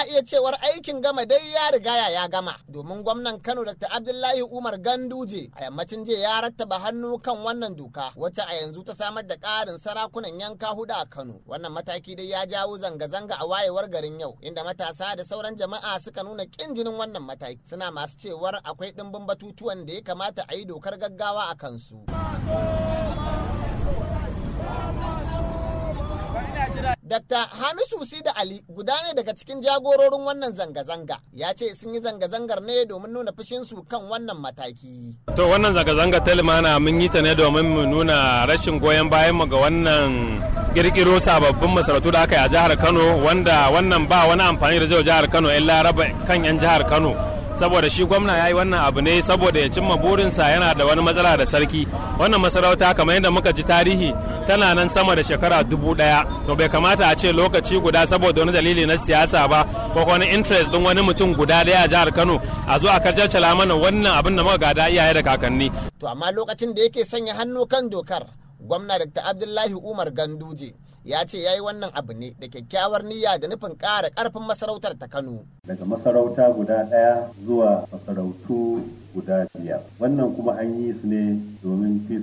a iya cewar aikin gama dai ya riga ya gama domin gwamnan Kano Dr. Abdullahi Umar Ganduje a yammacin jiya ya rattaba hannu kan wannan doka wacce a yanzu ta samar da ƙarin sarakunan yanka huda a Kano. Wannan mataki dai ya jawo zanga-zanga a wayewar garin yau inda matasa da sauran jama'a suka nuna ƙin jinin wannan mataki suna masu cewar akwai ɗimbin batutuwan da ya kamata a yi dokar gaggawa a kansu. Dr. Hamisu Sida Ali guda ne daga cikin jagororin wannan zanga-zanga ya ce sun yi zanga-zangar ne domin nuna fushinsu kan wannan mataki. To wannan zanga-zanga ta limana mun yi ta ne domin mu nuna rashin goyon bayan mu ga wannan kirkiro sababbin masarautu da aka yi a jihar Kano wanda wannan ba wani amfani da zai jihar Kano illa raba kan 'yan jihar Kano. saboda shi gwamna ya yi wannan abu ne saboda ya cimma burinsa yana da wani matsala da sarki wannan masarauta kamar yadda muka ji tarihi tana nan sama da shekara dubu daya to bai kamata a ce lokaci guda saboda wani dalili na siyasa ba ko wani interest din wani mutum guda daya a jihar Kano a zo a karjar mana wannan abin da muka gada iyaye da kakanni to amma lokacin da yake sanya hannu kan dokar gwamna Dr. Abdullahi Umar Ganduje ya ce ya yi wannan abu ne da kyakkyawar niyya da nufin ƙara ƙarfin masarautar ta Kano. Daga masarauta guda ɗaya zuwa masarautu guda biyar wannan kuma an yi su ne domin fi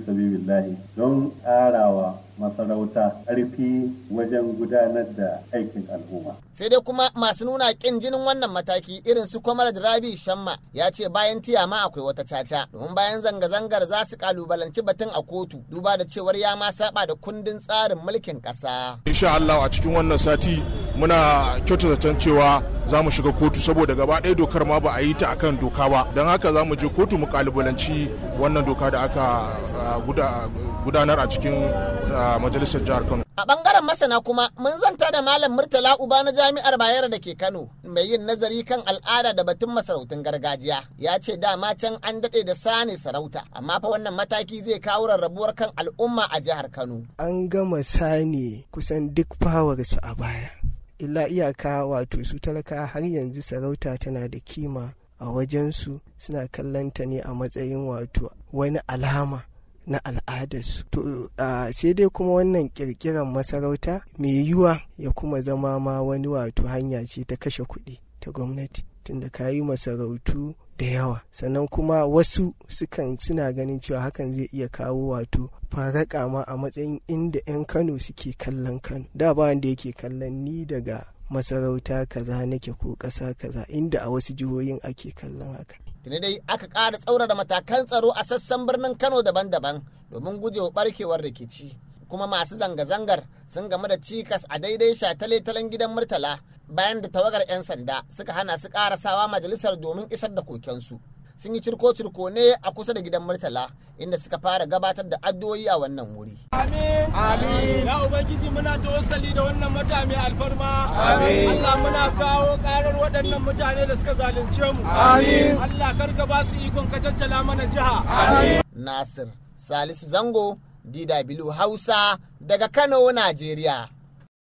lahi don ƙarawa masarauta ƙarfi wajen gudanar da aikin al'umma. Sai dai kuma masu nuna ƙin jinin wannan mataki irin su Kwamar Rabi Shamma ya ce bayan tiyama akwai wata caca domin bayan zanga-zangar za su kalubalanci batun a kotu duba da cewar ya ma saba da kundin tsarin mulkin ƙasa. Insha Allah a cikin wannan sati muna kyautata cewa za mu shiga kotu saboda gaba ɗaya dokar ma ba a yi ta a kan doka ba don haka za mu je kotu mu kalibanci wannan doka da aka ah, gudanar a cikin ah, majalisar jihar kano a bangaren masana kuma mun zanta da malam murtala uba na jami'ar bayero da ke kano mai yin nazari kan al'ada da batun masarautun gargajiya ya ce dama can an daɗe da sani sarauta amma fa wannan mataki zai kawo rarrabuwar kan al'umma a jihar kano an gama sani kusan duk fawar a baya illa iyaka wato su talaka har yanzu sarauta tana da kima a wajensu suna kallanta ne a matsayin wato wani alama na al'adarsu to sai dai kuma wannan kirkiran masarauta mai yiwa ya kuma zama ma wani wato hanya ce ta kashe kuɗi ta gwamnati tunda ka yi masarautu da yawa sannan kuma wasu sukan suna ganin cewa hakan zai iya kawo wato faraka ma a matsayin inda 'yan kano suke kallon kano da ba wanda yake kallon ni daga masarauta kaza nake ko ƙasa kaza inda a wasu jihohin ake kallon haka tuni dai aka ƙara tsaurara matakan tsaro a sassan birnin kano daban-daban domin gujewa barkewar rikici kuma masu zanga-zangar sun game da cikas a daidai shataletalen gidan murtala bayan da tawagar 'yan sanda suka hana su karasawa majalisar domin isar da kokensu sun yi cirko-cirko ne a kusa da gidan murtala inda suka fara gabatar da addu'o'i a wannan wuri. Amin. Ya Ubangiji muna tawassali da wannan mutane alfarma. Amin. Allah muna kawo karar waɗannan mutane da suka zalunce mu. Amin. Allah karka ba su ikon ka caccala mana jiha. Amin. Nasir Salisu Zango, DW Hausa daga Kano, Najeriya.